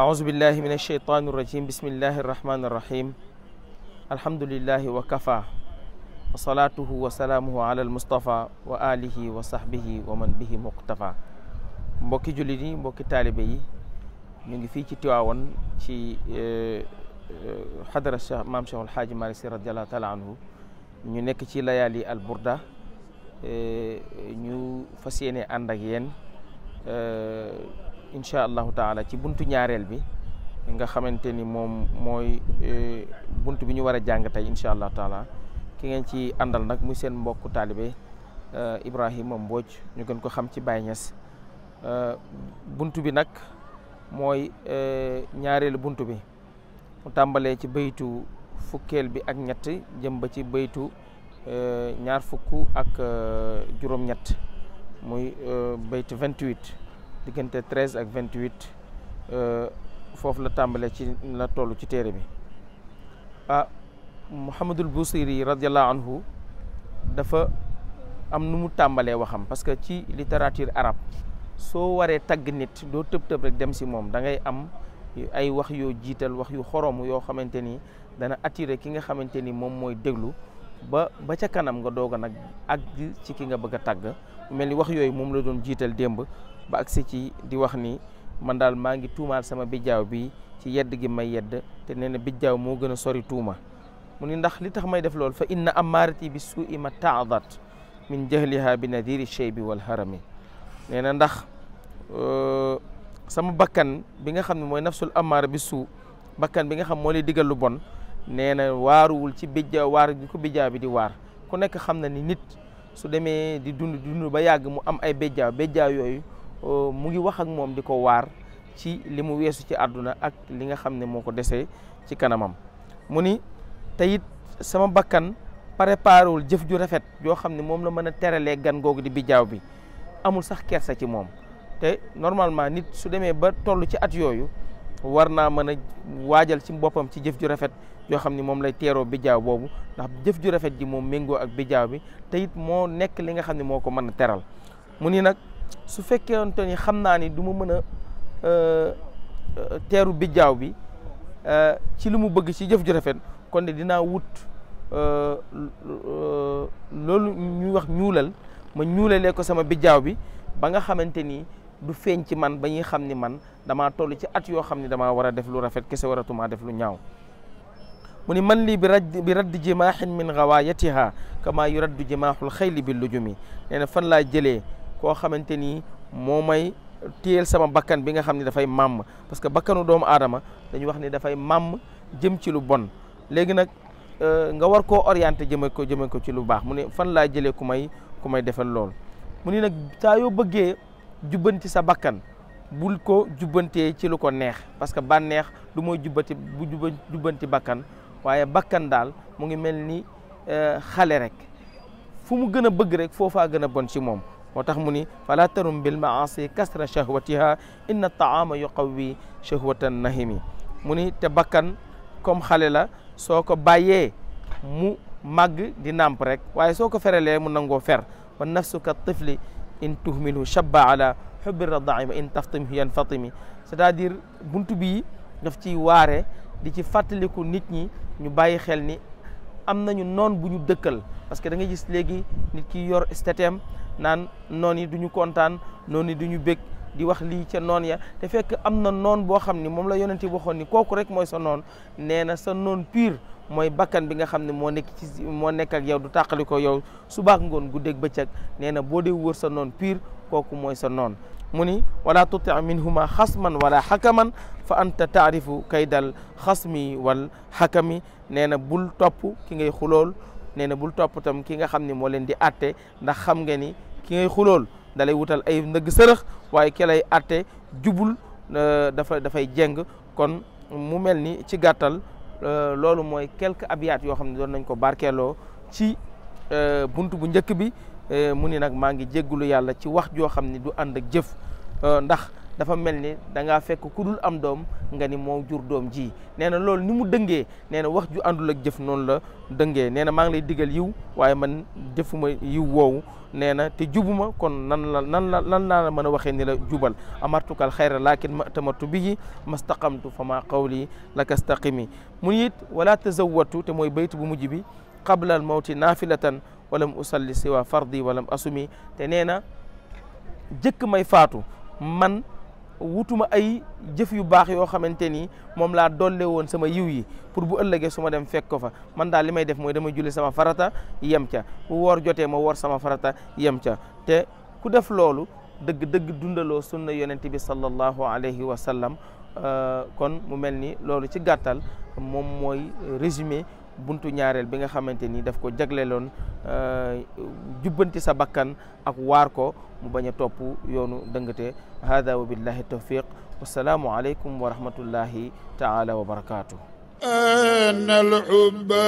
أعوذ بالله من الشيطان الرجيم بسم الله الرحمن الرحيم الحمد لله وكفى وصلاته وسلامه على المصطفى وآله وصحبه ومن به مقتفى مبكي جلدي مبكي طالبي من في تواون في آه، آه، حضر الشيخ مام شيخ الحاج مارسي رضي الله تعالى عنه ني نيك في ليالي البرده آه، ني فاسيني اندك incha allahu taala ci buntu ñaareel bi nga xamante ni moom mooy e, buntu bi ñu war a jàng tey incha allahu taala ki ngeen ci àndal nag muy seen mbokku taalibe e, Ibrahima Mbodj ñu gën ko xam ci Baye Niass e, bunt bi nag mooy ñaareelu bunt bi mu tàmbalee ci baytu fukkeel bi ak ñett jëm ba ci baytu ñaar fukk ak juróom-ñett muy vingt 28. diggante treize ak vingt huit euh, foofu la tàmbale ci la tollu ci téere bi ah Mouhamadul yi radiallahu anhu dafa am nu mu tàmbalee waxam parce que ci littérature arab soo waree tagg nit doo tëb tëb rek dem si moom da ngay am ay wax yoo jiital wax yu xorom yoo xamante ni dana attirer ki nga xamante ni moom mooy déglu ba ba ca kanam nga dooga nag àgg ci ki nga bëgg a tàgg mel ni wax yooyu moom la doon jiital démb ba agsi ci di wax ni man daal maa ngi tuumaal sama bijjaaw bi ci yedd gi may yedd te nee na bijjaaw moo gën a sori tuuma mu ni ndax li tax may def loolu fa inna amaarati bi suui ma taadat min jahliha bi nadiri bi wal harami nee na ndax euh, sama bakkan bi nga xam ne mooy nafsul amaara bi suu bakkan bi nga xam moo lay digal lu bon nee na waaruwul ci bijjaaw waar gi ko bijjaaw bi di waar ku nekk xam na ni nit su demee di dund dund ba yàgg mu am ay bijjaaw bijjaaw yooyu Euh, mu ngi wax ak mom di ko ci limu wessu ci aduna ak li nga xamne moko déssé ci kanamam muni tayit sama bakkan jëf ju rafet jo xamne mom moom la mëna téralé gan gog di bijaaw bi amul sax kersa ci mom té normalement nit su démé ba tollu ci at yoyu warna mëna wajal ci boppam ci jëf ju rafet yo xamni ni moom lay teeroo bijaaw bobu ndax jëf ju rafet ji moom mengo ak bijaaw bi tayit mo nek li nga xamni moko mëna téral muni nak su fekkeonte ni xam naa ni duma mën a euh, euh, teeru bijjaaw bi euh, ci lu mu bëgg ci jëf ju rafet kon de dinaa wut loolu ñuy wax ñuulal ma ñuulalee ko sama bijjaaw bi ba nga xamante ni du feeñ ci man ba ñuy xam ni man damaa toll ci at yoo xam ni damaa war a def lu rafet kese waratu waratumaa def lu ñaaw mu ni man lii bi raj bi radd jimaaxin min gawaayatiha kama yuraddu jimaaxul xayli bi lujumi nee na fan laa jëlee ko xamanteni momay tiel tiel sama bakkan bi nga xamni da fay mam parce que bakkanu doom adama dañu wax da fay mam jëm ci lu bon legui nag euh, nga war ko orienter jëme ko jëme ko ci lu bax mune fan la jëlé ku may ku may defal lool mune nak nag yo yoo bëggee sa bakkan bul ko jubbantee ci lu ko neex parce que bànneex du moy jubbati bu jubbanti bakkan waye bakkan dal mu ngi melni ni euh, rek fumu gëna bëgg rek fofa gëna bon ci mom moo tax mu ni fala tarum bil maasi kasra shahwatiha inna taama yuqawwi shahwatan nahimi mu ni te bakkan comme xale la soo ko mu màgg di nàmp rek waaye soo ko ferelee mu nangoo fer wa nafsu ka tifli in tuhmilhu shabba ala hubbi radaimi in taftim yan fatimi c'est-à-dire buntu bii daf ciy waare di ci fàttaliku nit ñi ñu bàyyi xel ni am nañu noon bu ñu dëkkal parce que da nga gis léegi nit ki yor statem naan noon yi duñu kontaan noon yi du ñu bég di wax lii ca noon ya te fekk am na noon boo xam ni moom la yonent yi waxoon ni kooku rek mooy sa noon nee na sa noon pire mooy bakkan bi nga xam ne moo nekk ci moo nekk ak yow du tàqali ko yow subaak ngoon gu guddeeg bëccëg nee na boo dee wër sa noon piir kooku mooy sa noon mu ni wala tuti minhuma xasman wala xakaman fa anta taarifu kaydal xasmi wal xakami nee na bul topp ki ngay xulool nee na bul topp tam ki nga xam ni moo leen di atte ndax xam nga ni ki ngay xulool dalay wutal ay ndëgg sërëx waaye ki lay atte jubul euh, dafa dafay jeng kon mu mel ni ci gàttal euh, loolu mooy quelques abyaat yoo xam ne doon nañ ko barkeeloo ci euh, bunt bu njëkk bi mu ni nag maa ngi jéggulu yàlla ci wax joo xam ni du ànd ak jëf ndax dafa melni da nga fekk ku dul am dom nga ni mo jur dom ji neena lol ni mu dëngee neena wax ju àndul ak jëf non la dëngee neena ma ngi lay digal yiw waye man jëfuma yiw wow neena te jubuma kon nan la nan la nan la meuna waxe ni la jubal amartukal xayra lakin ma tamattu bihi mastaqamtu fa ma qawli lakastaqimi munit wala tazawwatu te moy baytu bu mujibi qabla al mawt nafilatan walam usalli siwa fardi walam asumi te nee na may man wutuma ay jëf yu baax yoo xamante ni moom laa dolle woon sama yiw yi pour bu ëllëgee su ma dem fekk ko fa man daal li may def mooy dama julli sama farata yem ca bu woor jotee ma woor sama farata yem ca te ku def loolu dëgg dëgg dundaloo sunna yonent bi sallallahu alayhi wa sallam euh, kon mu mel ni loolu ci gàttal moom mooy résumé buntu ñaareel bi nga xamante ni daf ko jagleeloon euh, jubbanti sa bakkan ak waar ko mu bañ a topp yoonu dëngate hada wa billahi tawfiq wasalaamu aleykum wa rahmatullahi taala wa barakaatu. an al hubba